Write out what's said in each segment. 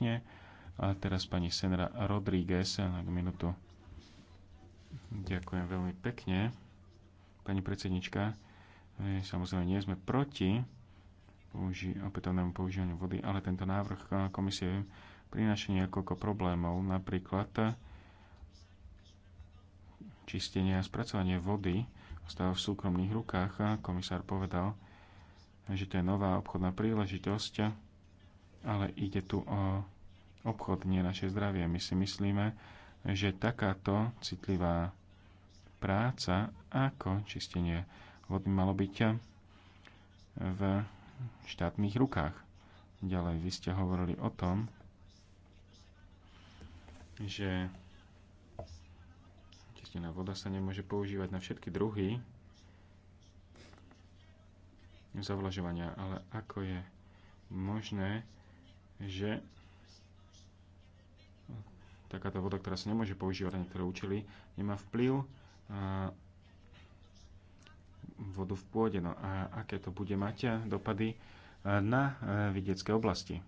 pekne. A teraz pani Senra Rodríguez na minútu. Ďakujem veľmi pekne. Pani predsednička, samozrejme nie sme proti použi- opätovnému používaniu vody, ale tento návrh komisie prináša niekoľko problémov, napríklad čistenie a spracovanie vody stáva v súkromných rukách. Komisár povedal, že to je nová obchodná príležitosť ale ide tu o obchod, nie naše zdravie. My si myslíme, že takáto citlivá práca ako čistenie vody malo byť v štátnych rukách. Ďalej, vy ste hovorili o tom, že čistená voda sa nemôže používať na všetky druhy zavlažovania, ale ako je možné že takáto voda, ktorá sa nemôže používať na niektoré účely, nemá vplyv vodu v pôde. No a aké to bude mať dopady na vidiecké oblasti?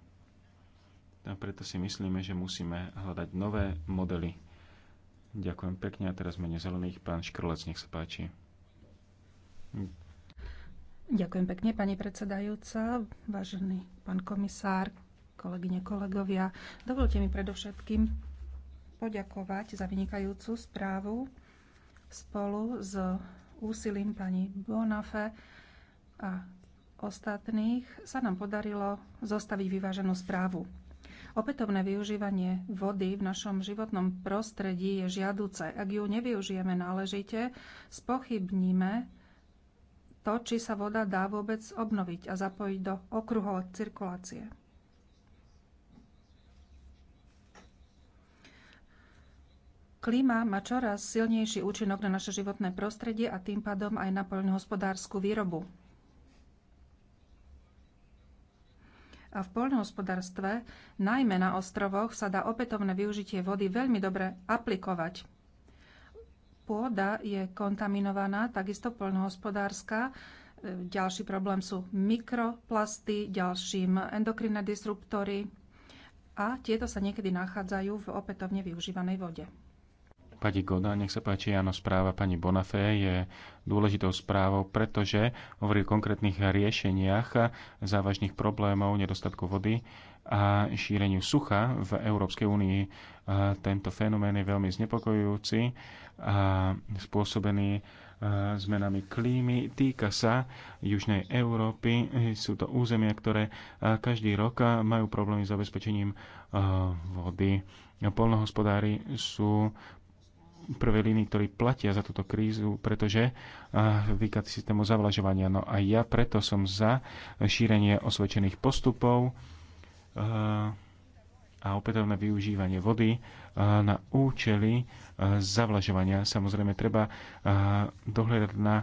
A preto si myslíme, že musíme hľadať nové modely. Ďakujem pekne a teraz mene zelených pán Škrlec, nech sa páči. Ďakujem pekne, pani predsedajúca, vážený pán komisár, kolegyne, kolegovia. Dovolte mi predovšetkým poďakovať za vynikajúcu správu spolu s úsilím pani Bonafe a ostatných sa nám podarilo zostaviť vyváženú správu. Opätovné využívanie vody v našom životnom prostredí je žiaduce. Ak ju nevyužijeme náležite, spochybníme to, či sa voda dá vôbec obnoviť a zapojiť do okruhov cirkulácie. Klíma má čoraz silnejší účinok na naše životné prostredie a tým pádom aj na poľnohospodárskú výrobu. A v poľnohospodárstve, najmä na ostrovoch, sa dá opätovné využitie vody veľmi dobre aplikovať. Pôda je kontaminovaná, takisto poľnohospodárska. E, ďalší problém sú mikroplasty, ďalším endokrinné disruptory a tieto sa niekedy nachádzajú v opätovne využívanej vode. Pani Goda, nech sa páči, áno, správa pani Bonafé je dôležitou správou, pretože hovorí o konkrétnych riešeniach závažných problémov, nedostatku vody a šíreniu sucha v Európskej únii. Tento fenomén je veľmi znepokojujúci a spôsobený zmenami klímy. Týka sa Južnej Európy. Sú to územia, ktoré každý rok majú problémy s zabezpečením vody. Polnohospodári sú prvej línii, ktorí platia za túto krízu, pretože eh, vykat systému zavlažovania. No a ja preto som za šírenie osvedčených postupov eh, a opätovné využívanie vody eh, na účely zavlažovania. Samozrejme, treba dohľadať na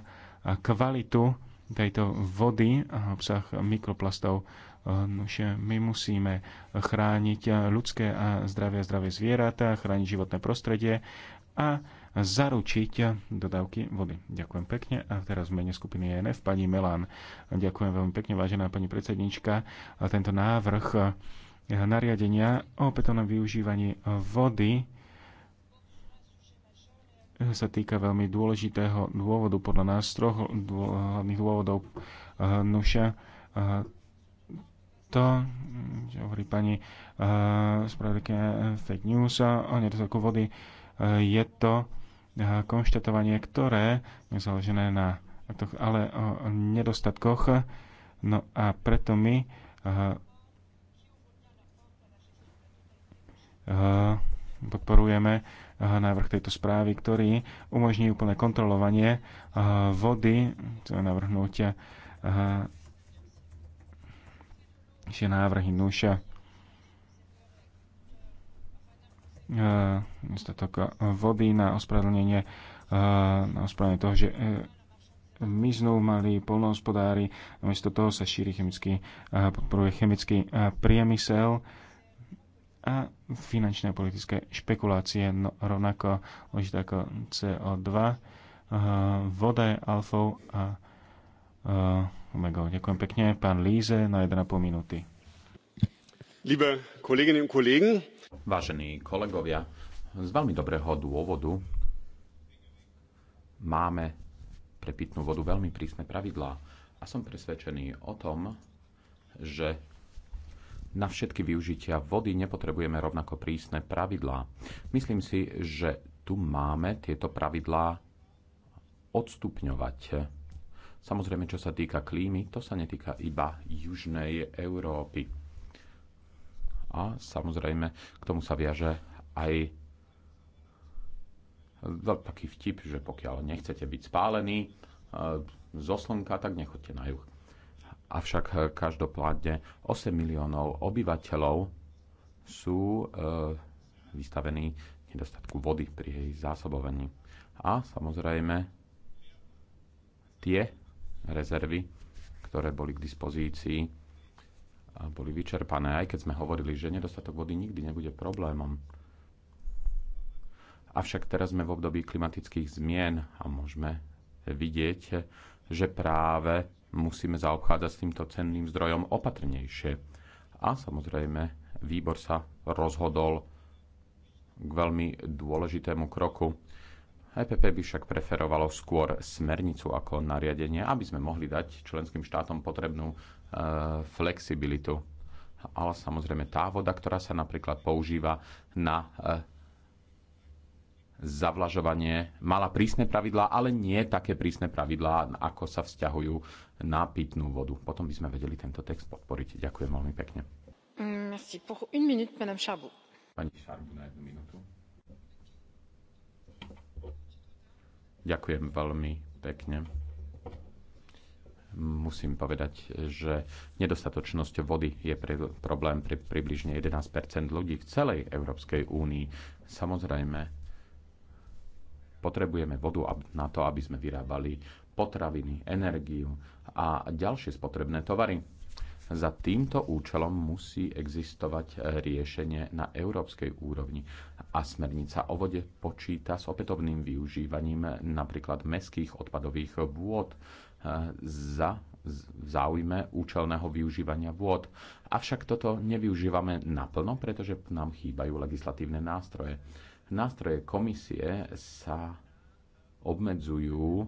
kvalitu tejto vody a obsah mikroplastov. Nože my musíme chrániť ľudské a zdravie a zdravie zvieratá, chrániť životné prostredie a zaručiť dodávky vody. Ďakujem pekne. A teraz v mene skupiny ENF pani Melán. Ďakujem veľmi pekne, vážená pani predsednička. A tento návrh nariadenia o opätovnom využívaní vody sa týka veľmi dôležitého dôvodu podľa nás, troch hlavných dôvodov Nuša. To, čo hovorí pani spravodajka fake news o nedostatku vody, Eh, je to eh, konštatovanie, ktoré je založené na ale o nedostatkoch. No a preto my eh, podporujeme návrh tejto správy, ktorý umožní úplné kontrolovanie vody, to je že návrhy nuša E, nedostatok vody na ospravedlnenie e, na ospravedlnenie toho, že e, miznú mali polnohospodári, namiesto toho sa šíri chemický, podporuje chemický priemysel a finančné a politické špekulácie, no, rovnako dôležité ako CO2, voda je alfou a omegou. Ďakujem pekne, pán Líze, na 1,5 minúty liebe Kolleginnen und Kollegen. Vážení kolegovia, z veľmi dobrého dôvodu máme pre pitnú vodu veľmi prísne pravidlá a som presvedčený o tom, že na všetky využitia vody nepotrebujeme rovnako prísne pravidlá. Myslím si, že tu máme tieto pravidlá odstupňovať. Samozrejme, čo sa týka klímy, to sa netýka iba južnej Európy a samozrejme, k tomu sa viaže aj taký vtip, že pokiaľ nechcete byť spálený e, zo slnka, tak nechoďte na juh. Avšak e, každopádne 8 miliónov obyvateľov sú e, vystavení nedostatku vody pri jej zásobovaní. A samozrejme tie rezervy, ktoré boli k dispozícii boli vyčerpané, aj keď sme hovorili, že nedostatok vody nikdy nebude problémom. Avšak teraz sme v období klimatických zmien a môžeme vidieť, že práve musíme zaobchádzať s týmto cenným zdrojom opatrnejšie. A samozrejme, výbor sa rozhodol k veľmi dôležitému kroku EPP by však preferovalo skôr smernicu ako nariadenie, aby sme mohli dať členským štátom potrebnú e, flexibilitu. Ale samozrejme tá voda, ktorá sa napríklad používa na e, zavlažovanie, mala prísne pravidlá, ale nie také prísne pravidlá, ako sa vzťahujú na pitnú vodu. Potom by sme vedeli tento text podporiť. Ďakujem veľmi pekne. Mm, merci. Pour une minute, Madame Pani Šarbu na jednu minútu. Ďakujem veľmi pekne. Musím povedať, že nedostatočnosť vody je problém pre približne 11 ľudí v celej Európskej únii. Samozrejme, potrebujeme vodu na to, aby sme vyrábali potraviny, energiu a ďalšie spotrebné tovary za týmto účelom musí existovať eh, riešenie na európskej úrovni a smernica o vode počíta s opätovným využívaním eh, napríklad meských odpadových vôd eh, za v záujme účelného využívania vôd. Avšak toto nevyužívame naplno, pretože nám chýbajú legislatívne nástroje. Nástroje komisie sa obmedzujú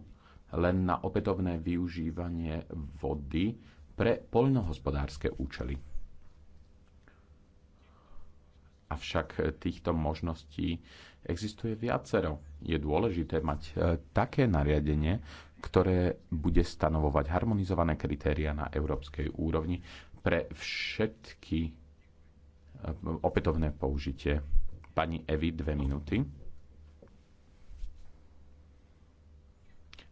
len na opätovné využívanie vody pre poľnohospodárske účely. Avšak týchto možností existuje viacero. Je dôležité mať e, také nariadenie, ktoré bude stanovovať harmonizované kritéria na európskej úrovni pre všetky e, opätovné použitie. Pani Evi, dve minúty.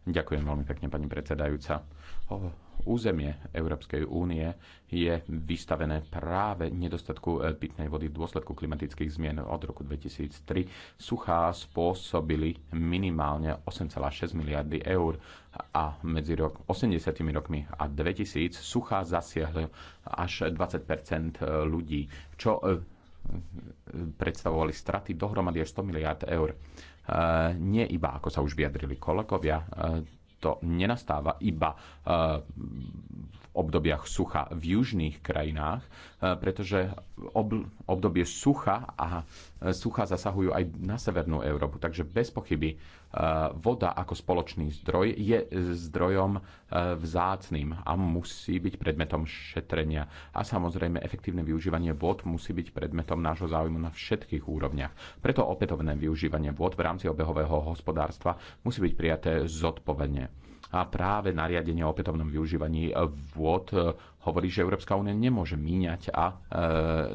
Ďakujem veľmi pekne, pani predsedajúca. Oh, územie Európskej únie je vystavené práve nedostatku eh, pitnej vody v dôsledku klimatických zmien od roku 2003. Suchá spôsobili minimálne 8,6 miliardy eur a medzi rok 80. rokmi a 2000 suchá zasiahli až 20 eh, ľudí, čo eh, predstavovali straty dohromady až 100 miliard eur. Nie iba, ako sa už vyjadrili kolegovia, to nenastáva iba eh, obdobiach sucha v južných krajinách, e, pretože ob, obdobie sucha a e, sucha zasahujú aj na severnú Európu. Takže bez pochyby e, voda ako spoločný zdroj je zdrojom vzácným a musí byť predmetom šetrenia. A samozrejme efektívne využívanie vod musí byť predmetom nášho záujmu na všetkých úrovniach. Preto opätovné využívanie vod v rámci obehového hospodárstva musí byť prijaté zodpovedne a práve nariadenie o opätovnom využívaní vôd e, hovorí, že Európska únia nemôže míňať a e,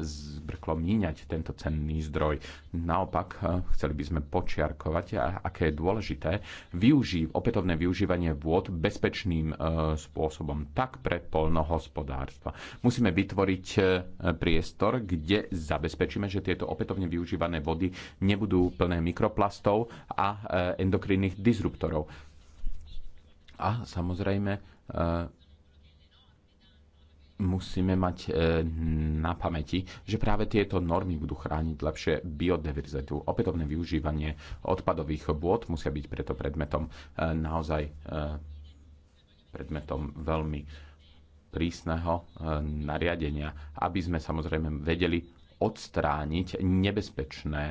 zbrklo míňať tento cenný zdroj. Naopak, e, chceli by sme počiarkovať, aké je dôležité využí, opätovné využívanie vôd bezpečným e, spôsobom, tak pre polnohospodárstva. Musíme vytvoriť e, priestor, kde zabezpečíme, že tieto opätovne využívané vody nebudú plné mikroplastov a endokrinných disruptorov a samozrejme e, musíme mať e, na pamäti, že práve tieto normy budú chrániť lepšie biodiverzitu. Opätovné využívanie odpadových bôd musia byť preto predmetom e, naozaj predmetom veľmi prísneho nariadenia, aby sme samozrejme vedeli odstrániť nebezpečné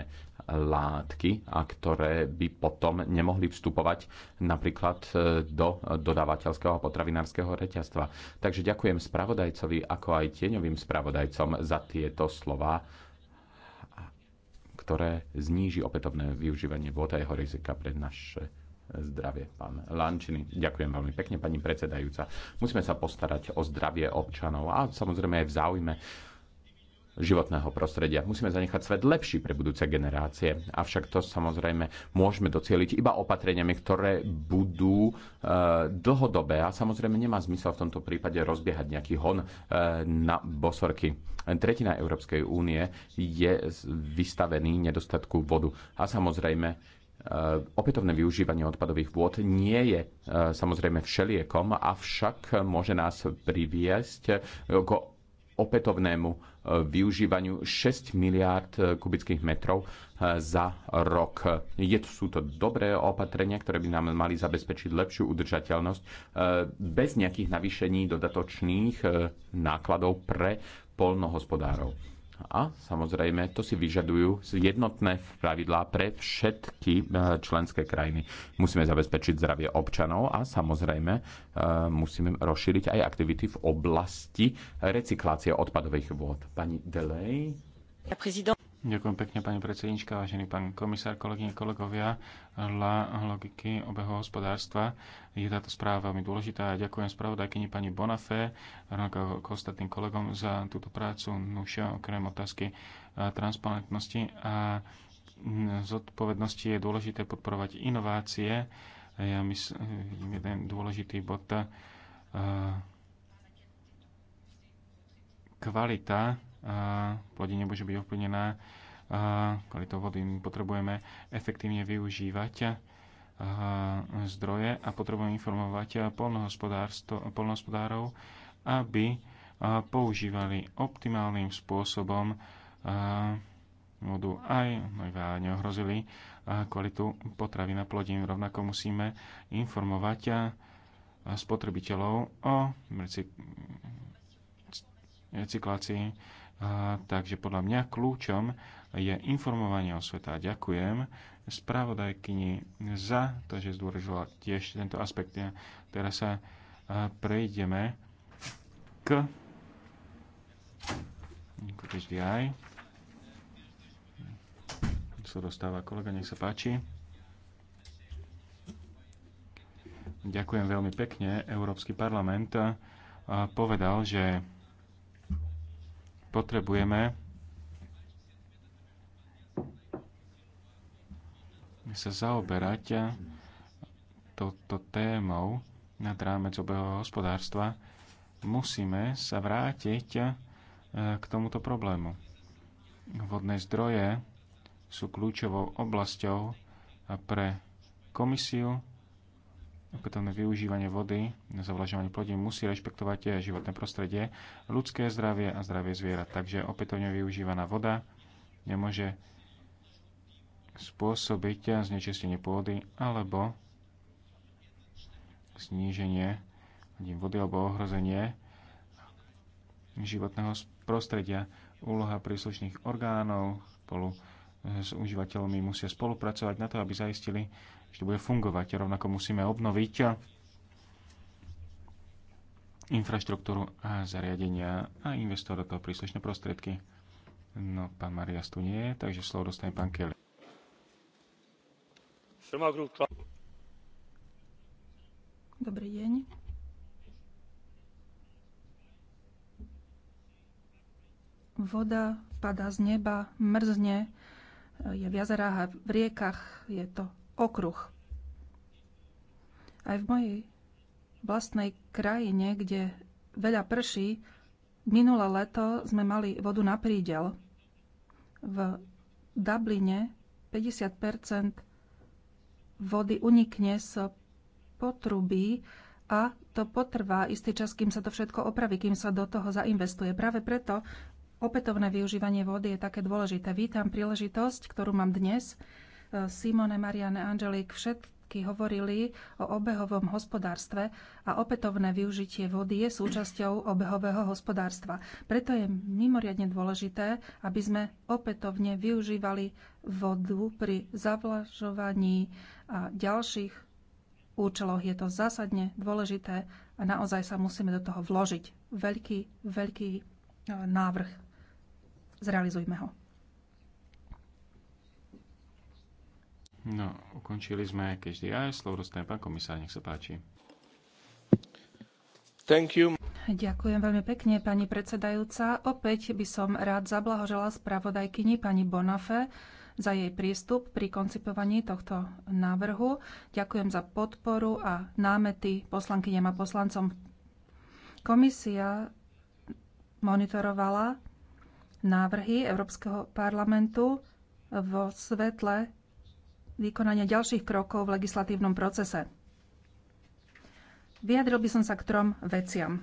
látky a ktoré by potom nemohli vstupovať napríklad e, do dodávateľského a potravinárskeho reťazstva. Takže ďakujem spravodajcovi ako aj tieňovým spravodajcom za tieto slova ktoré zníži opätovné využívanie vôd a jeho rizika pre naše zdravie. Pán Lančiny, ďakujem veľmi pekne, pani predsedajúca. Musíme sa postarať o zdravie občanov a samozrejme aj v záujme životného prostredia. Musíme zanechať svet lepší pre budúce generácie. Avšak to samozrejme môžeme docieliť iba opatreniami, ktoré budú e, dlhodobé. A samozrejme nemá zmysel v tomto prípade rozbiehať nejaký hon e, na bosorky. Tretina Európskej únie je vystavený nedostatku vodu. A samozrejme e, opätovné využívanie odpadových vôd nie je e, samozrejme všeliekom, avšak môže nás priviesť e, k opätovnému využívaniu 6 miliárd eh, kubických metrov eh, za rok. Je, sú to dobré opatrenia, ktoré by nám mali zabezpečiť lepšiu udržateľnosť eh, bez nejakých navýšení dodatočných nákladov pre polnohospodárov a samozrejme, to si vyžadujú jednotné pravidlá pre všetky e, členské krajiny. Musíme zabezpečiť zdravie občanov a samozrejme e, musíme rozšíriť aj aktivity v oblasti recyklácie odpadových vôd. Pani Delej. Ďakujem pekne, pani predsednička, vážený pán komisár, kolegyne, kolegovia. Hľa logiky obeho hospodárstva je táto správa veľmi dôležitá. ďakujem spravodajkyni pani Bonafé, rovnako k ostatným kolegom za túto prácu, nuša okrem otázky transparentnosti a zodpovednosti je dôležité podporovať inovácie. Ja myslím, jeden dôležitý bod kvalita plodine môže byť ovplyvnená kvalitou vody. My potrebujeme efektívne využívať zdroje a potrebujeme informovať polnohospodárov, aby používali optimálnym spôsobom vodu aj neohrozili kvalitu potravy na plodín. Rovnako musíme informovať spotrebiteľov o recyklácii a, takže podľa mňa kľúčom je informovanie o sveta. Ďakujem spravodajkyni za to, že zdôražila tiež tento aspekt. Ja teraz sa a, prejdeme k každý aj. Sa dostáva kolega, nech sa páči. Ďakujem veľmi pekne. Európsky parlament povedal, že potrebujeme sa zaoberať touto témou nad rámec obého hospodárstva, musíme sa vrátiť e, k tomuto problému. Vodné zdroje sú kľúčovou oblasťou pre komisiu opätovné využívanie vody na zavlažovanie plodín musí rešpektovať životné prostredie, ľudské zdravie a zdravie zvierat. Takže opätovne využívaná voda nemôže spôsobiť znečistenie pôdy alebo zníženie vody alebo ohrozenie životného prostredia. Úloha príslušných orgánov spolu s užívateľmi musia spolupracovať na to, aby zaistili ešte to bude fungovať. Rovnako musíme obnoviť infraštruktúru a zariadenia a investovať do toho príslušné prostriedky. No, pán Marias tu nie je, takže slovo dostane pán Kelly. Dobrý deň. Voda padá z neba, mrzne, je v jazerách a v riekach, je to okruh. Aj v mojej vlastnej krajine, kde veľa prší, minulé leto sme mali vodu na prídel. V Dubline 50 vody unikne z potrubí a to potrvá istý čas, kým sa to všetko opraví, kým sa do toho zainvestuje. Práve preto opätovné využívanie vody je také dôležité. Vítam príležitosť, ktorú mám dnes Simone, Marianne, Angelik, všetky hovorili o obehovom hospodárstve a opätovné využitie vody je súčasťou obehového hospodárstva. Preto je mimoriadne dôležité, aby sme opätovne využívali vodu pri zavlažovaní a ďalších účeloch. Je to zásadne dôležité a naozaj sa musíme do toho vložiť. Veľký, veľký e, návrh. Zrealizujme ho. No, ukončili sme každý aj. Slovo dostane pán komisár, nech sa páči. Thank you. Ďakujem veľmi pekne, pani predsedajúca. Opäť by som rád zablahožela spravodajkyni pani Bonafe za jej prístup pri koncipovaní tohto návrhu. Ďakujem za podporu a námety poslankyňam a poslancom. Komisia monitorovala návrhy Európskeho parlamentu vo svetle vykonania ďalších krokov v legislatívnom procese. Vyjadril by som sa k trom veciam.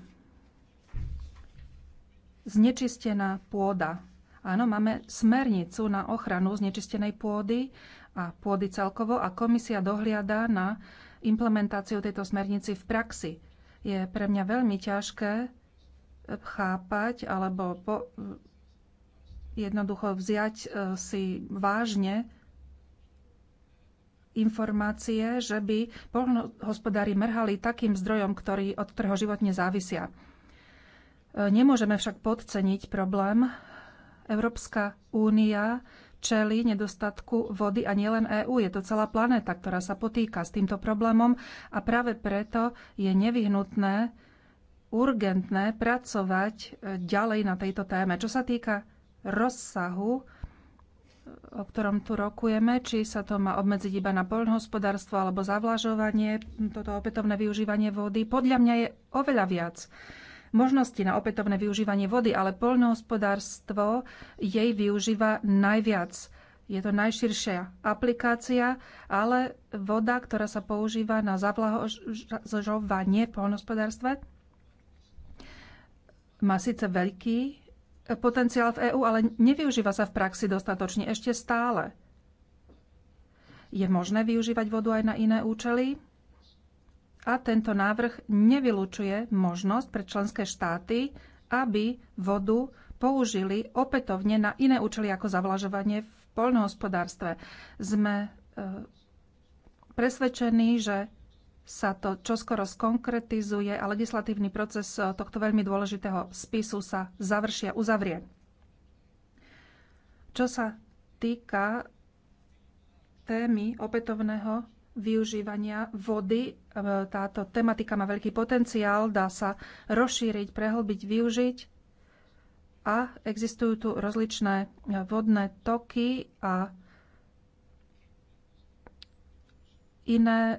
Znečistená pôda. Áno, máme smernicu na ochranu znečistenej pôdy a pôdy celkovo a komisia dohliada na implementáciu tejto smernici v praxi. Je pre mňa veľmi ťažké chápať alebo po, jednoducho vziať e, si vážne informácie, že by poľnohospodári mrhali takým zdrojom, ktorý, od ktorého životne závisia. E, nemôžeme však podceniť problém. Európska únia čeli nedostatku vody a nielen EÚ. Je to celá planéta, ktorá sa potýka s týmto problémom a práve preto je nevyhnutné, urgentné pracovať e, ďalej na tejto téme. Čo sa týka rozsahu, o ktorom tu rokujeme, či sa to má obmedziť iba na poľnohospodárstvo alebo zavlažovanie, toto opätovné využívanie vody, podľa mňa je oveľa viac možností na opätovné využívanie vody, ale poľnohospodárstvo jej využíva najviac. Je to najširšia aplikácia, ale voda, ktorá sa používa na zavlažovanie v poľnohospodárstve, má síce veľký potenciál v EÚ, ale nevyužíva sa v praxi dostatočne ešte stále. Je možné využívať vodu aj na iné účely? A tento návrh nevylučuje možnosť pre členské štáty, aby vodu použili opätovne na iné účely ako zavlažovanie v poľnohospodárstve. Sme e, presvedčení, že sa to čoskoro skonkretizuje a legislatívny proces eh, tohto veľmi dôležitého spisu sa završia, uzavrie. Čo sa týka témy opätovného využívania vody, eh, táto tematika má veľký potenciál, dá sa rozšíriť, prehlbiť, využiť a existujú tu rozličné eh, vodné toky a iné e,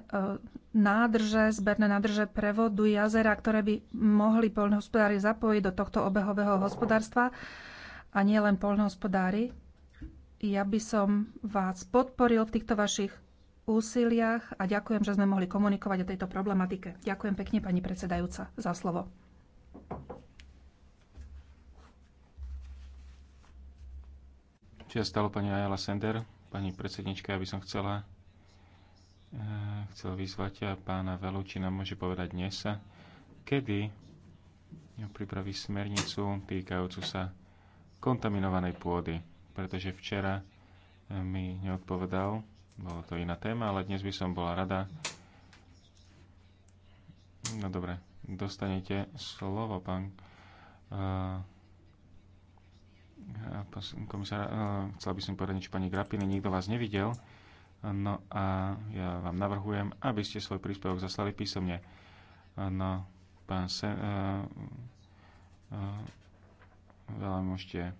nádrže, zberné nádrže prevodu jazera, ktoré by mohli poľnohospodári zapojiť do tohto obehového hospodárstva a nie len poľnohospodári. Ja by som vás podporil v týchto vašich úsiliach a ďakujem, že sme mohli komunikovať o tejto problematike. Ďakujem pekne, pani predsedajúca, za slovo. Čia stalo pani Ajala Sender, pani predsednička, ja by som chcela Eh, chcel vyzvať a eh, pána Velu, či nám môže povedať dnes, eh, kedy pripraví smernicu týkajúcu sa kontaminovanej pôdy. Pretože včera mi neodpovedal, bolo to iná téma, ale dnes by som bola rada. No dobre, dostanete slovo, pán uh, komisár, uh, chcel by som povedať niečo pani Grapiny, nikto vás nevidel. No a ja vám navrhujem, aby ste svoj príspevok zaslali písomne. No, pán Se... Uh, uh, veľa môžete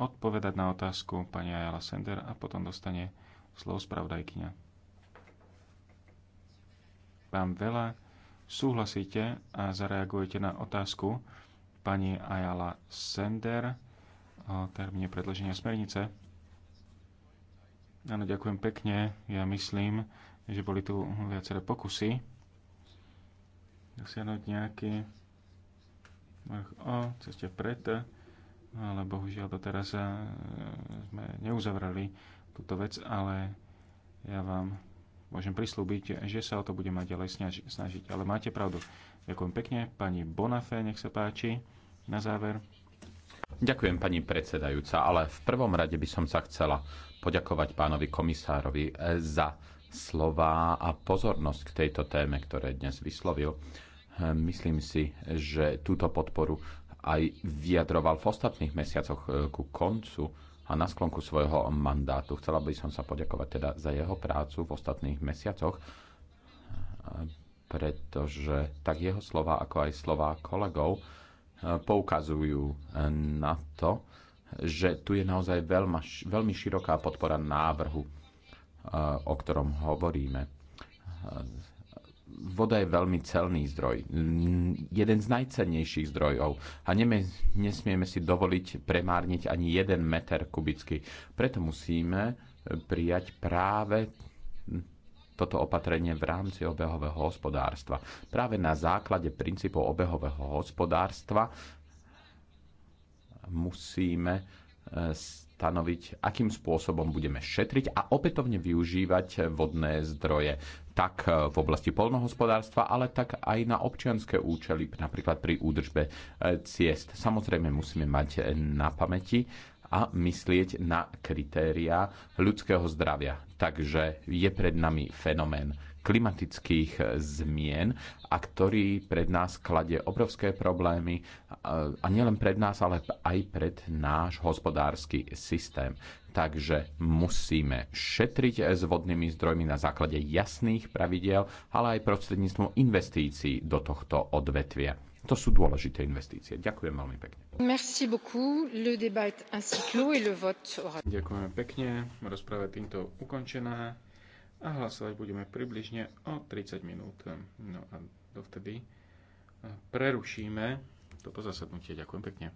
odpovedať na otázku pani Ayala Sender a potom dostane slov spravodajkyňa. Vám veľa súhlasíte a zareagujete na otázku pani Ayala Sender o termíne predloženia smernice Áno, ďakujem pekne. Ja myslím, že boli tu viaceré pokusy dosiahnuť nejaký o ceste pred, ale bohužiaľ doteraz eh, sme neuzavrali túto vec, ale ja vám môžem prislúbiť, že sa o to budeme ďalej snažiť. Ale máte pravdu. Ďakujem pekne. Pani Bonafé, nech sa páči. Na záver. Ďakujem, pani predsedajúca, ale v prvom rade by som sa chcela poďakovať pánovi komisárovi eh, za slova a pozornosť k tejto téme, ktoré dnes vyslovil. Eh, myslím si, že túto podporu aj vyjadroval v ostatných mesiacoch eh, ku koncu a na sklonku svojho mandátu. Chcela by som sa poďakovať teda za jeho prácu v ostatných mesiacoch, pretože tak jeho slova, ako aj slova kolegov poukazujú na to, že tu je naozaj veľma, veľmi široká podpora návrhu, e, o ktorom hovoríme. E, voda je veľmi celný zdroj, jeden z najcennejších zdrojov a nesmieme si dovoliť premárniť ani jeden meter kubický. Preto musíme prijať práve toto opatrenie v rámci obehového hospodárstva. Práve na základe princípov obehového hospodárstva musíme e, stanoviť, akým spôsobom budeme šetriť a opätovne využívať vodné zdroje. Tak e, v oblasti polnohospodárstva, ale tak aj na občianské účely, napríklad pri údržbe e, ciest. Samozrejme musíme mať na pamäti, a myslieť na kritéria ľudského zdravia. Takže je pred nami fenomén, klimatických zmien a ktorý pred nás kladie obrovské problémy a nielen pred nás, ale aj pred náš hospodársky systém. Takže musíme šetriť s vodnými zdrojmi na základe jasných pravidiel, ale aj prostredníctvom investícií do tohto odvetvia. To sú dôležité investície. Ďakujem veľmi pekne. Merci beaucoup. Le débat est ainsi clos et le vote aura... Ďakujeme pekne. Rozpráva týmto ukončená a hlasovať budeme približne o 30 minút. No a dovtedy eh, prerušíme toto zasadnutie. Ďakujem pekne.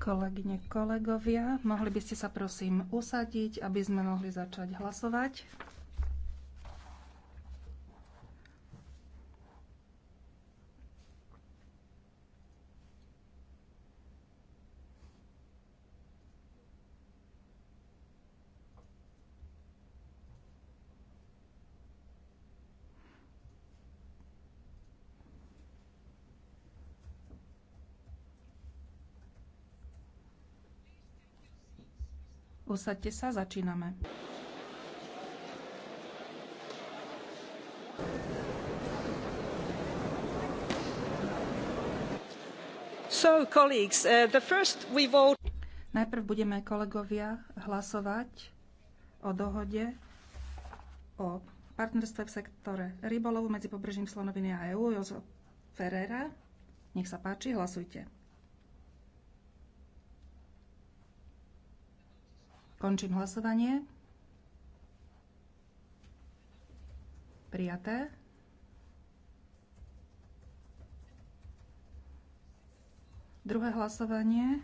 Kolegyne, kolegovia, mohli by ste sa prosím usadiť, aby sme mohli začať hlasovať. Usaďte sa, začíname. So, colleagues, uh, the first we vote... Najprv budeme, kolegovia, hlasovať o dohode o partnerstve v sektore rybolovu medzi pobrežím Slonoviny a EÚ. Jozo Ferreira, nech sa páči, hlasujte. Končím hlasovanie. Prijaté. Druhé hlasovanie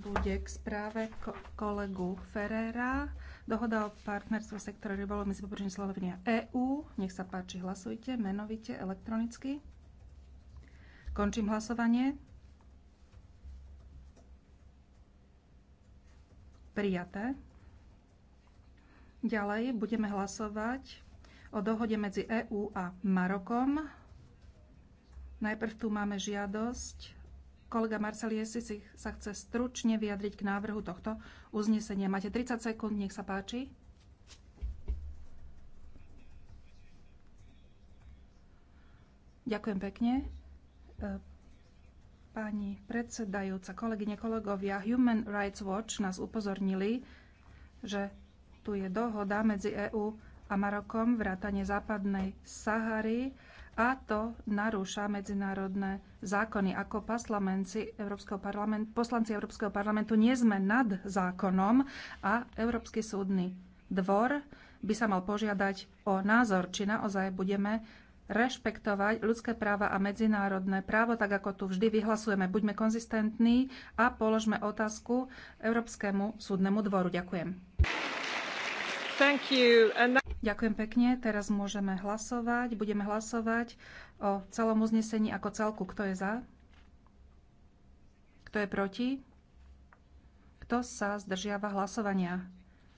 bude k správe kolegu Ferrera. Dohoda o partnerstve sektora rybolov medzi pobrežím Slovenia EÚ. Nech sa páči, hlasujte menovite elektronicky. Končím hlasovanie. Prijaté. Ďalej budeme hlasovať o dohode medzi EÚ a Marokom. Najprv tu máme žiadosť. Kolega Marceliesi si sa chce stručne vyjadriť k návrhu tohto uznesenia. Máte 30 sekúnd, nech sa páči. Ďakujem pekne. Pani predsedajúca, kolegyne, kolegovia, Human Rights Watch nás upozornili, že tu je dohoda medzi EÚ a Marokom vrátane západnej Sahary a to narúša medzinárodné zákony. Ako poslanci Európskeho, parlament, poslanci Európskeho parlamentu nie sme nad zákonom a Európsky súdny dvor by sa mal požiadať o názor, či naozaj budeme rešpektovať ľudské práva a medzinárodné právo, tak ako tu vždy vyhlasujeme. Buďme konzistentní a položme otázku Európskemu súdnemu dvoru. Ďakujem. Ďakujem pekne. Teraz môžeme hlasovať. Budeme hlasovať o celom uznesení ako celku. Kto je za? Kto je proti? Kto sa zdržiava hlasovania?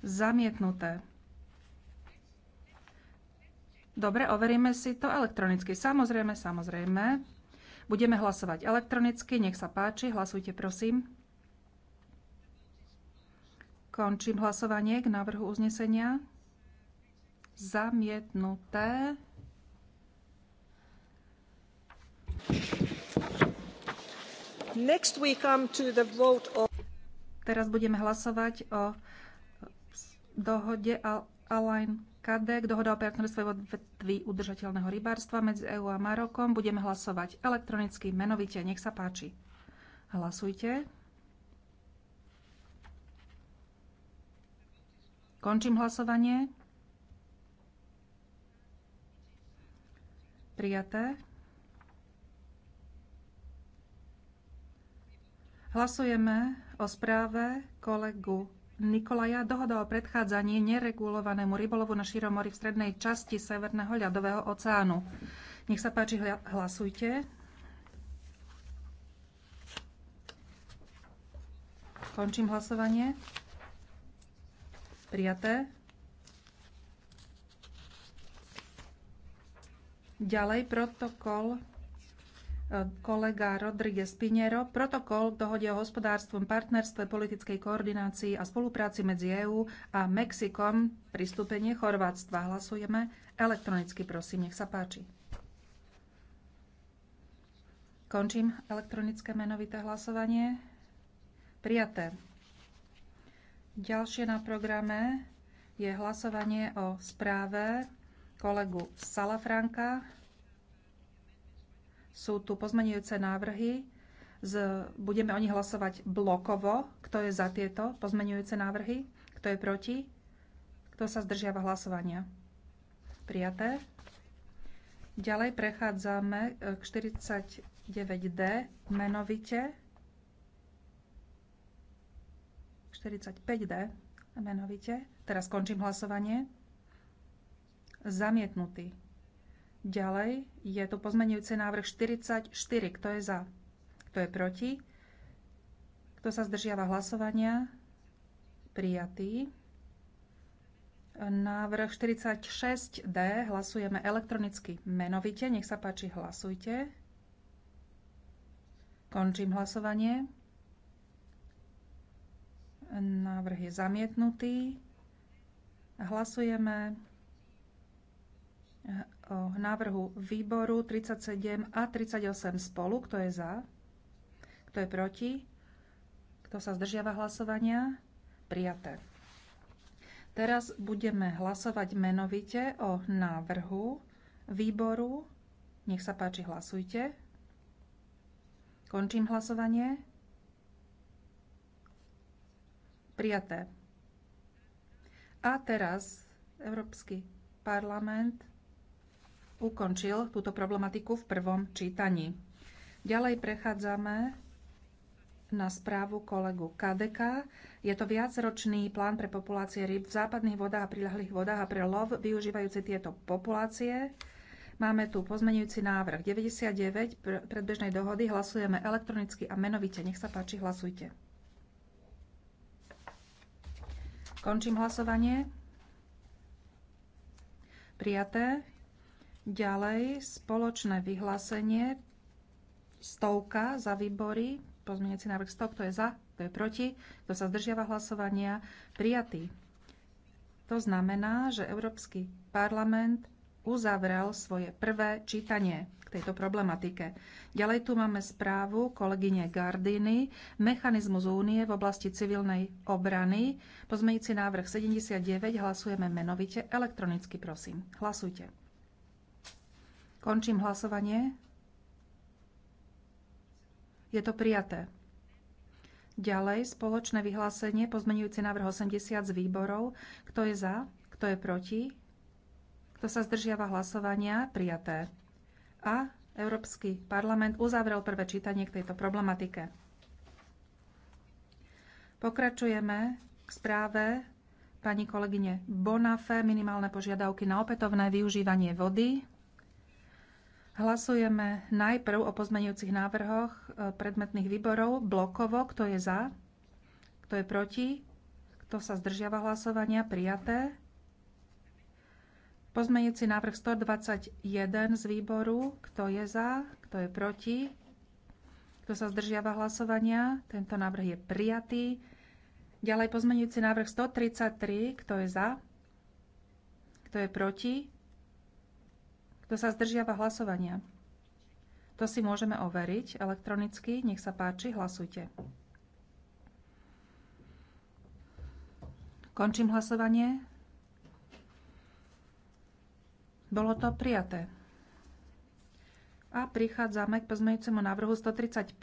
Zamietnuté. Dobre, overíme si to elektronicky. Samozrejme, samozrejme. Budeme hlasovať elektronicky. Nech sa páči, hlasujte prosím. Končím hlasovanie k návrhu uznesenia. Zamietnuté. Next we come to the vote of... Teraz budeme hlasovať o dohode a Alain Kadek, dohoda o partnerstve v odvetví udržateľného rybárstva medzi EÚ a Marokom. Budeme hlasovať elektronicky, menovite. Nech sa páči. Hlasujte. Končím hlasovanie. Prijaté. Hlasujeme o správe kolegu Nikolaja dohoda o predchádzanie neregulovanému rybolovu na Širomori v strednej časti Severného ľadového oceánu. Nech sa páči, hlasujte. Končím hlasovanie. Prijaté. Ďalej protokol kolega Rodríguez Pinero protokol k dohode o hospodárstvom, partnerstve, politickej koordinácii a spolupráci medzi EÚ a Mexikom, pristúpenie Chorvátstva. Hlasujeme elektronicky, prosím, nech sa páči. Končím elektronické menovité hlasovanie. Prijaté. Ďalšie na programe je hlasovanie o správe kolegu Salafranka sú tu pozmenujúce návrhy. Z, budeme o nich hlasovať blokovo. Kto je za tieto pozmenujúce návrhy? Kto je proti? Kto sa zdržiava hlasovania? Prijaté. Ďalej prechádzame e, k 49D menovite. 45D menovite. Teraz končím hlasovanie. Zamietnutý. Ďalej je tu pozmenujúci návrh 44. Kto je za? Kto je proti? Kto sa zdržiava hlasovania? Prijatý. Návrh 46D hlasujeme elektronicky menovite. Nech sa páči, hlasujte. Končím hlasovanie. Návrh je zamietnutý. Hlasujeme návrhu výboru 37 a 38 spolu. Kto je za? Kto je proti? Kto sa zdržiava hlasovania? Prijaté. Teraz budeme hlasovať menovite o návrhu výboru. Nech sa páči, hlasujte. Končím hlasovanie. Prijaté. A teraz Európsky parlament ukončil túto problematiku v prvom čítaní. Ďalej prechádzame na správu kolegu Kadeka. Je to viacročný plán pre populácie ryb v západných vodách a prilahlých vodách a pre lov využívajúci tieto populácie. Máme tu pozmenujúci návrh 99 predbežnej dohody. Hlasujeme elektronicky a menovite. Nech sa páči, hlasujte. Končím hlasovanie. Prijaté. Ďalej spoločné vyhlásenie stovka za výbory, pozmeniaci návrh 100, kto je za, kto je proti, kto sa zdržiava hlasovania, prijatý. To znamená, že Európsky parlament uzavrel svoje prvé čítanie k tejto problematike. Ďalej tu máme správu kolegyne Gardiny, mechanizmus únie v oblasti civilnej obrany. Pozmeňujúci návrh 79 hlasujeme menovite elektronicky, prosím. Hlasujte. Končím hlasovanie. Je to prijaté. Ďalej spoločné vyhlásenie pozmenujúci návrh 80 z výborov. Kto je za? Kto je proti? Kto sa zdržiava hlasovania? Prijaté. A Európsky parlament uzavrel prvé čítanie k tejto problematike. Pokračujeme k správe pani kolegyne Bonafe. minimálne požiadavky na opätovné využívanie vody. Hlasujeme najprv o pozmenujúcich návrhoch e, predmetných výborov blokovo, kto je za, kto je proti, kto sa zdržiava hlasovania, prijaté. Pozmenujúci návrh 121 z výboru, kto je za, kto je proti, kto sa zdržiava hlasovania, tento návrh je prijatý. Ďalej pozmenujúci návrh 133, kto je za, kto je proti, kto sa zdržiava hlasovania? To si môžeme overiť elektronicky. Nech sa páči, hlasujte. Končím hlasovanie. Bolo to prijaté. A prichádzame k pozmeňujúcemu návrhu 135.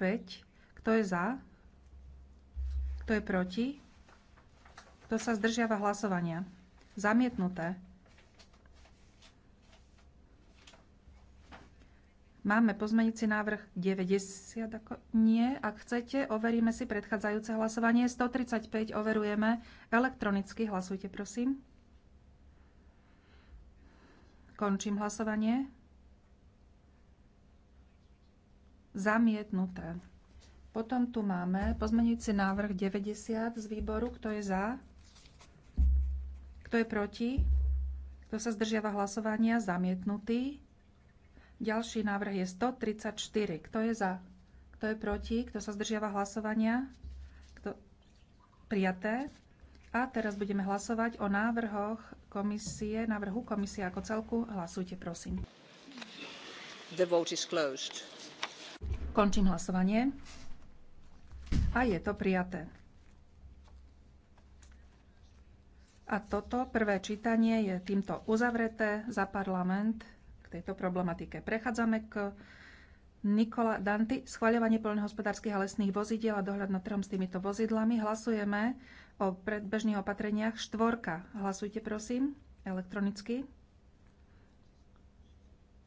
Kto je za? Kto je proti? Kto sa zdržiava hlasovania? Zamietnuté. Máme pozmenici návrh 90, ako nie. Ak chcete, overíme si predchádzajúce hlasovanie. 135 overujeme elektronicky. Hlasujte, prosím. Končím hlasovanie. Zamietnuté. Potom tu máme pozmenujúci návrh 90 z výboru. Kto je za? Kto je proti? Kto sa zdržiava hlasovania? Zamietnutý. Ďalší návrh je 134. Kto je za? Kto je proti? Kto sa zdržiava hlasovania? Kto... Prijaté. A teraz budeme hlasovať o návrhoch komisie, návrhu komisie ako celku. Hlasujte, prosím. The vote is closed. Končím hlasovanie. A je to prijaté. A toto prvé čítanie je týmto uzavreté za parlament tejto problematike. Prechádzame k Nikola Danty, schváľovanie poľnohospodárskych a lesných vozidiel a dohľad nad trhom s týmito vozidlami. Hlasujeme o predbežných opatreniach. Štvorka. Hlasujte, prosím, elektronicky.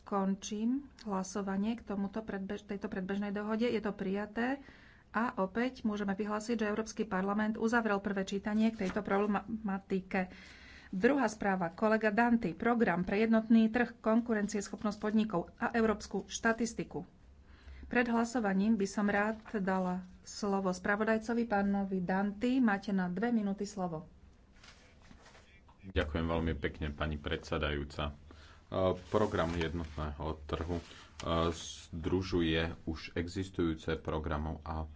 Končím hlasovanie k tomuto predbež- tejto predbežnej dohode. Je to prijaté. A opäť môžeme vyhlásiť, že Európsky parlament uzavrel prvé čítanie k tejto problematike. Druhá správa, kolega Danty, program pre jednotný trh, konkurencieschopnosť podnikov a európsku štatistiku. Pred hlasovaním by som rád dala slovo spravodajcovi pánovi Danty. Máte na dve minúty slovo. Ďakujem veľmi pekne, pani predsedajúca. E, program jednotného trhu e, združuje už existujúce programov a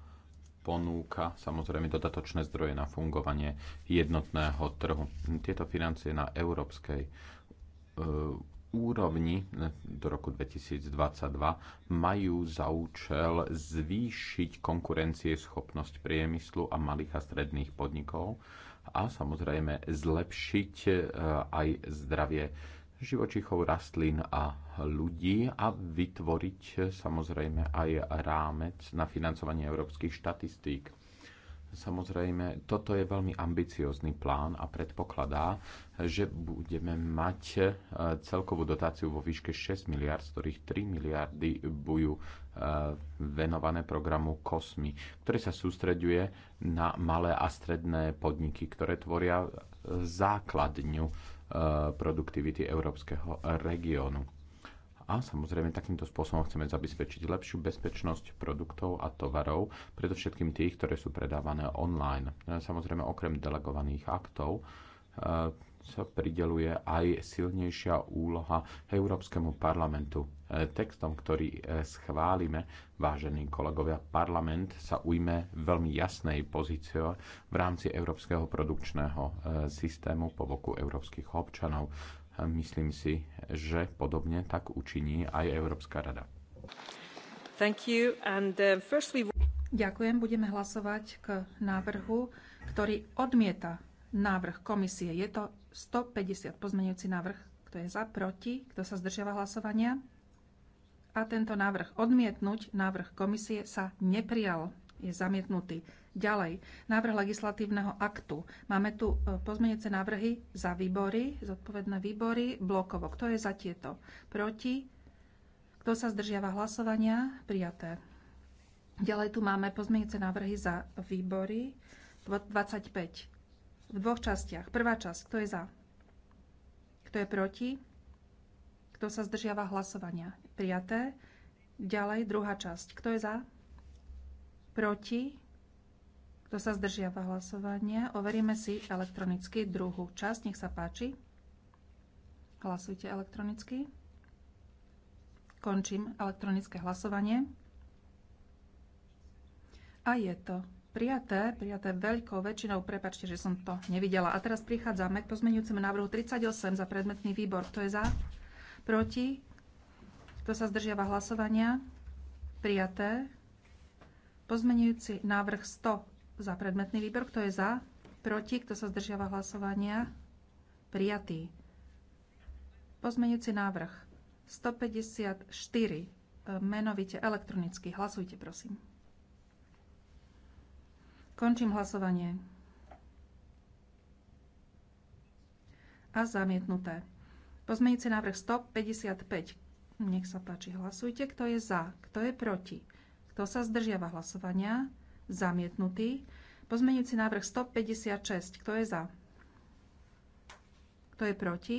ponúka samozrejme dodatočné zdroje na fungovanie jednotného trhu. Tieto financie na európskej e, úrovni do roku 2022 majú za účel zvýšiť konkurencieschopnosť priemyslu a malých a stredných podnikov a samozrejme zlepšiť e, aj zdravie živočichov, rastlín a ľudí a vytvoriť e, samozrejme aj rámec na financovanie európskych štatistík. Samozrejme, toto je veľmi ambiciózny plán a predpokladá, že budeme mať e, celkovú dotáciu vo výške 6 miliard, z ktorých 3 miliardy budú e, venované programu COSMI, ktorý sa sústreďuje na malé a stredné podniky, ktoré tvoria základňu Eh, produktivity európskeho regiónu. A samozrejme takýmto spôsobom chceme zabezpečiť lepšiu bezpečnosť produktov a tovarov, predovšetkým tých, ktoré sú predávané online. Eh, samozrejme okrem delegovaných aktov eh, sa prideluje aj silnejšia úloha Európskemu parlamentu. E, textom, ktorý e, schválime, vážení kolegovia, parlament sa ujme veľmi jasnej pozície v rámci Európskeho produkčného e, systému po boku európskych občanov. Myslím si, že podobne tak učiní aj Európska rada. Thank you. And, uh, first we... Ďakujem. Budeme hlasovať k návrhu, ktorý odmieta návrh komisie. Je to 150 pozmenujúci návrh. Kto je za, proti, kto sa zdržiava hlasovania? A tento návrh odmietnúť, návrh komisie sa neprijal. Je zamietnutý. Ďalej, návrh legislatívneho aktu. Máme tu e, pozmeňujúce návrhy za výbory, zodpovedné výbory, blokovo. Kto je za tieto? Proti? Kto sa zdržiava hlasovania? Prijaté. Ďalej tu máme pozmenujúce návrhy za výbory 25 v dvoch častiach. Prvá časť, kto je za? Kto je proti? Kto sa zdržiava hlasovania? Prijaté. Ďalej druhá časť. Kto je za? Proti? Kto sa zdržiava hlasovania? Overíme si elektronicky druhú časť. Nech sa páči. Hlasujte elektronicky. Končím elektronické hlasovanie. A je to prijaté, prijaté veľkou väčšinou, prepačte, že som to nevidela. A teraz prichádzame k pozmeňujúcemu návrhu 38 za predmetný výbor. Kto je za? Proti? Kto sa zdržiava hlasovania? Prijaté. Pozmenujúci návrh 100 za predmetný výbor. Kto je za? Proti? Kto sa zdržiava hlasovania? Prijatý. Pozmenujúci návrh 154 e, menovite elektronicky. Hlasujte, prosím. Končím hlasovanie. A zamietnuté. Pozmeňujúci návrh 155. Nech sa páči, hlasujte. Kto je za? Kto je proti? Kto sa zdržiava hlasovania? Zamietnutý. Pozmeňujúci návrh 156. Kto je za? Kto je proti?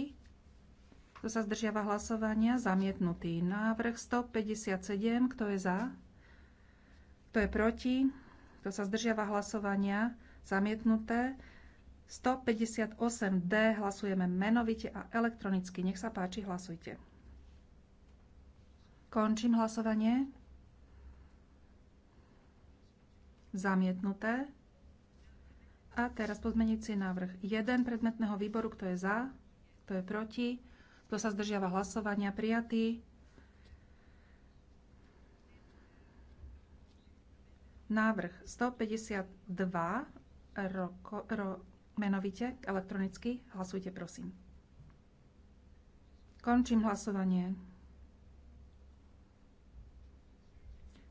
Kto sa zdržiava hlasovania? Zamietnutý. Návrh 157. Kto je za? Kto je proti? Kto sa zdržiava hlasovania? Zamietnuté. 158D hlasujeme menovite a elektronicky. Nech sa páči, hlasujte. Končím hlasovanie. Zamietnuté. A teraz pozmenujúci návrh 1 predmetného výboru, kto je za, kto je proti, kto sa zdržiava hlasovania, prijatý. Návrh 152 roko, ro, menovite elektronicky. Hlasujte, prosím. Končím hlasovanie.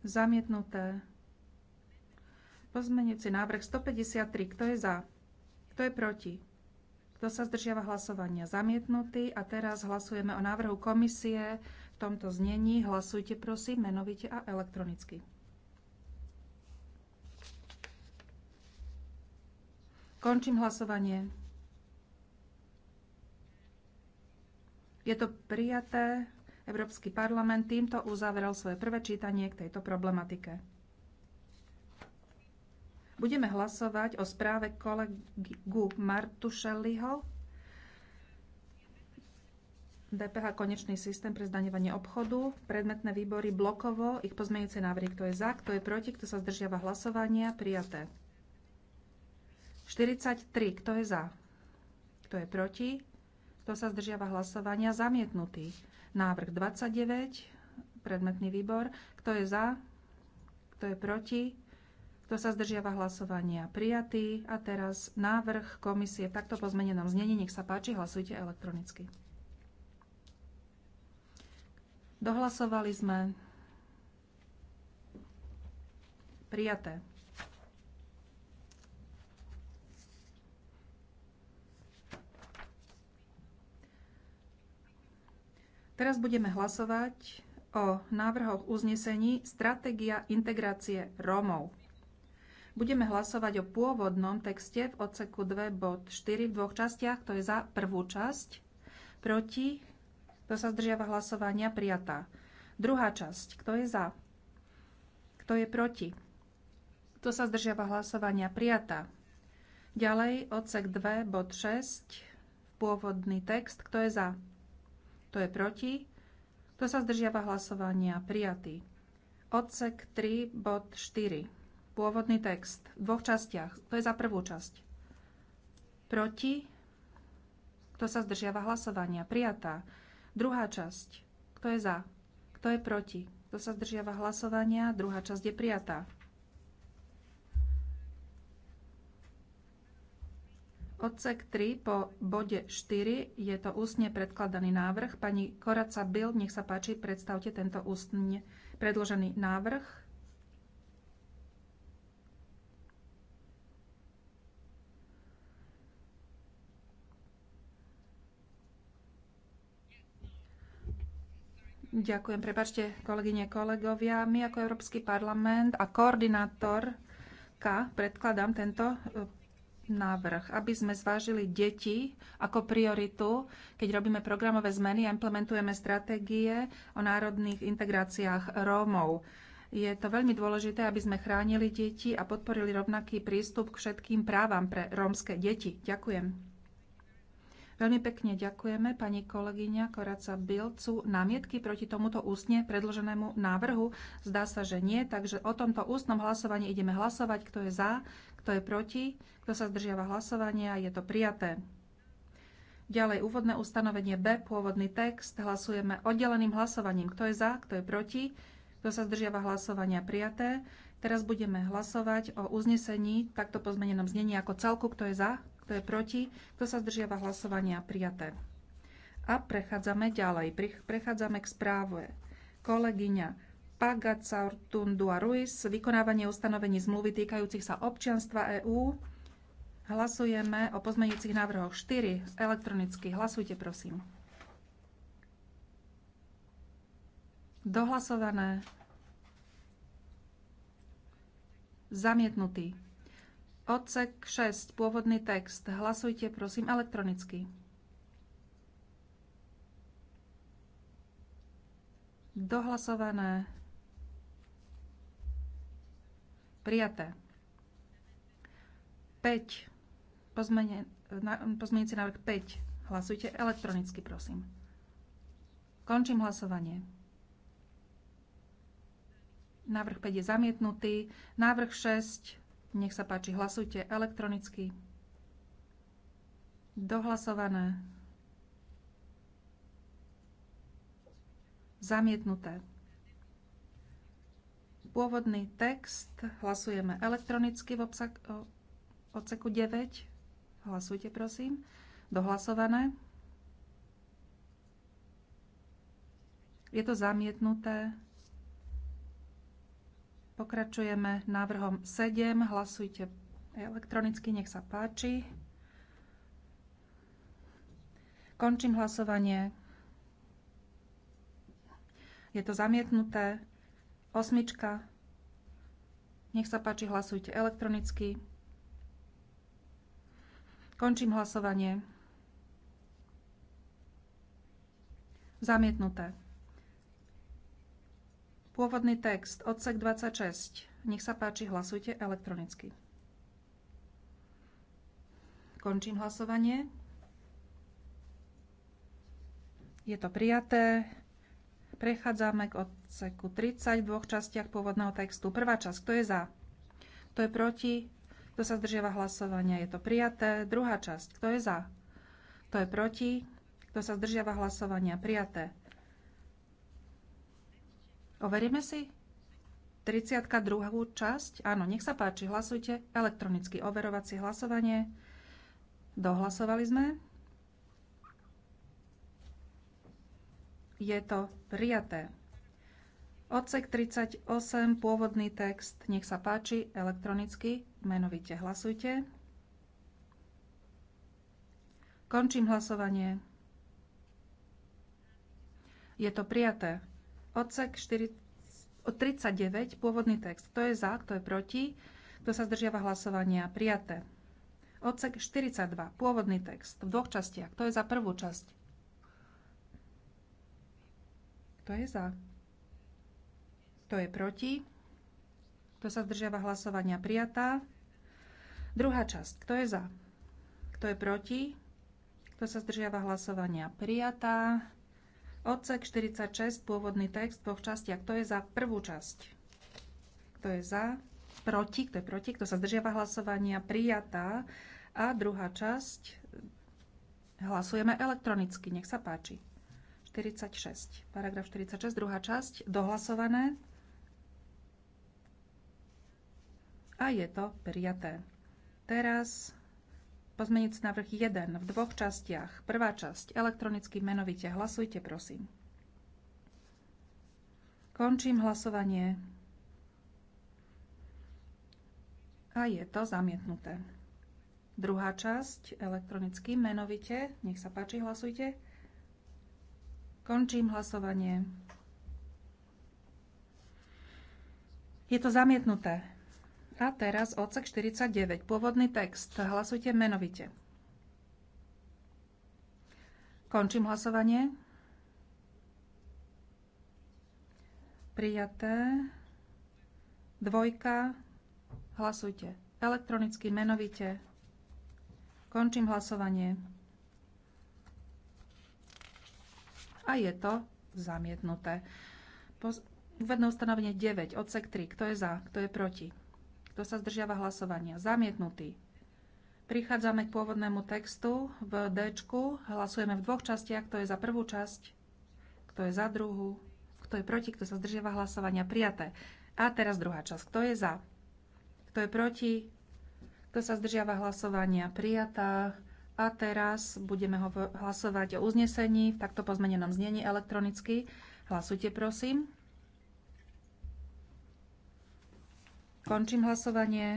Zamietnuté. Pozmenujúci návrh 153. Kto je za? Kto je proti? Kto sa zdržiava hlasovania? Zamietnutý. A teraz hlasujeme o návrhu komisie v tomto znení. Hlasujte prosím menovite a elektronicky. Končím hlasovanie. Je to prijaté. Európsky parlament týmto uzavrel svoje prvé čítanie k tejto problematike. Budeme hlasovať o správe kolegu Martušeliho. DPH konečný systém pre zdaňovanie obchodu. Predmetné výbory blokovo, ich pozmeňujúce návrhy, kto je za, kto je proti, kto sa zdržiava hlasovania, prijaté. 43. Kto je za? Kto je proti? Kto sa zdržiava hlasovania? Zamietnutý. Návrh 29. Predmetný výbor. Kto je za? Kto je proti? Kto sa zdržiava hlasovania? Prijatý. A teraz návrh komisie v takto pozmenenom znení. Nech sa páči, hlasujte elektronicky. Dohlasovali sme. Prijaté. Teraz budeme hlasovať o návrhoch uznesení Stratégia integrácie Rómov. Budeme hlasovať o pôvodnom texte v odseku 2 bod 4 v dvoch častiach. To je za prvú časť. Proti. to sa zdržiava hlasovania? Prijatá. Druhá časť. Kto je za? Kto je proti? To sa zdržiava hlasovania? Prijatá. Ďalej odsek 2 bod 6 pôvodný text. Kto je za? Kto je proti? Kto sa zdržiava hlasovania? Prijatý. Odsek 3, bod 4. Pôvodný text. V dvoch častiach. To je za prvú časť. Proti? Kto sa zdržiava hlasovania? Prijatá. Druhá časť. Kto je za? Kto je proti? Kto sa zdržiava hlasovania? Druhá časť je prijatá. Odsek 3 po bode 4 je to ústne predkladaný návrh. Pani Koraca Bill, nech sa páči, predstavte tento ústne predložený návrh. Ďakujem, prepačte, kolegyne, kolegovia. My ako Európsky parlament a koordinátor predkladám tento návrh, aby sme zvážili deti ako prioritu, keď robíme programové zmeny a implementujeme stratégie o národných integráciách Rómov. Je to veľmi dôležité, aby sme chránili deti a podporili rovnaký prístup k všetkým právam pre rómske deti. Ďakujem. Veľmi pekne ďakujeme pani kolegyňa Koraca Bilcu. Námietky proti tomuto ústne predloženému návrhu? Zdá sa, že nie, takže o tomto ústnom hlasovaní ideme hlasovať. Kto je za, kto je proti, kto sa zdržiava hlasovania, je to prijaté. Ďalej úvodné ustanovenie B, pôvodný text. Hlasujeme oddeleným hlasovaním. Kto je za, kto je proti, kto sa zdržiava hlasovania, prijaté. Teraz budeme hlasovať o uznesení takto pozmenenom znení ako celku. Kto je za? Kto je proti? Kto sa zdržiava hlasovania? Prijaté. A prechádzame ďalej. Prechádzame k správe. Kolegyňa Pagacaurtundua Ruiz, vykonávanie ustanovení zmluvy týkajúcich sa občianstva EÚ. Hlasujeme o pozmeňujúcich návrhoch 4 elektronicky. Hlasujte, prosím. Dohlasované. Zamietnutý. Odsek 6, pôvodný text. Hlasujte prosím elektronicky. Dohlasované. Prijaté. 5. Pozmenie, pozmenici návrh 5. Hlasujte elektronicky, prosím. Končím hlasovanie. Návrh 5 je zamietnutý. Návrh 6 nech sa páči, hlasujte elektronicky. Dohlasované. Zamietnuté. Pôvodný text hlasujeme elektronicky v odseku 9. Hlasujte, prosím. Dohlasované. Je to zamietnuté. Pokračujeme návrhom 7. Hlasujte elektronicky, nech sa páči. Končím hlasovanie. Je to zamietnuté. Osmička. Nech sa páči, hlasujte elektronicky. Končím hlasovanie. Zamietnuté. Pôvodný text, odsek 26. Nech sa páči, hlasujte elektronicky. Končím hlasovanie. Je to prijaté. Prechádzame k odseku 30 v dvoch častiach pôvodného textu. Prvá časť, kto je za? Kto je proti? Kto sa zdržiava hlasovania? Je to prijaté. Druhá časť, kto je za? Kto je proti? Kto sa zdržiava hlasovania? Prijaté. Overíme si? 32. časť? Áno, nech sa páči, hlasujte. Elektronicky overovacie hlasovanie. Dohlasovali sme. Je to prijaté. Odsek 38, pôvodný text. Nech sa páči, elektronicky, menovite hlasujte. Končím hlasovanie. Je to prijaté. Odsek 4, od 39, pôvodný text. Kto je za, kto je proti, kto sa zdržiava hlasovania, prijaté. Odsek 42, pôvodný text, v dvoch častiach. Kto je za prvú časť? Kto je za? Kto je proti? Kto sa zdržiava hlasovania, prijatá. Druhá časť. Kto je za? Kto je proti? Kto sa zdržiava hlasovania, prijatá. Odsek 46, pôvodný text v dvoch častiach. Kto je za prvú časť? Kto je za? Proti? Kto je proti? Kto sa zdržiava hlasovania? Prijatá. A druhá časť. Hlasujeme elektronicky. Nech sa páči. 46. Paragraf 46, druhá časť. Dohlasované. A je to prijaté. Teraz Pozmeňujúci návrh 1 v dvoch častiach. Prvá časť elektronicky menovite. Hlasujte, prosím. Končím hlasovanie. A je to zamietnuté. Druhá časť elektronicky menovite. Nech sa páči, hlasujte. Končím hlasovanie. Je to zamietnuté. A teraz odsek 49, pôvodný text. Hlasujte menovite. Končím hlasovanie. Prijaté. Dvojka. Hlasujte elektronicky menovite. Končím hlasovanie. A je to zamietnuté. Uvedné ustanovenie 9, odsek 3. Kto je za? Kto je proti? Kto sa zdržiava hlasovania? Zamietnutý. Prichádzame k pôvodnému textu v D. Hlasujeme v dvoch častiach. Kto je za prvú časť? Kto je za druhú? Kto je proti? Kto sa zdržiava hlasovania? Prijaté. A teraz druhá časť. Kto je za? Kto je proti? Kto sa zdržiava hlasovania? Prijatá. A teraz budeme hlasovať o uznesení v takto pozmenenom znení elektronicky. Hlasujte prosím. Končím hlasovanie.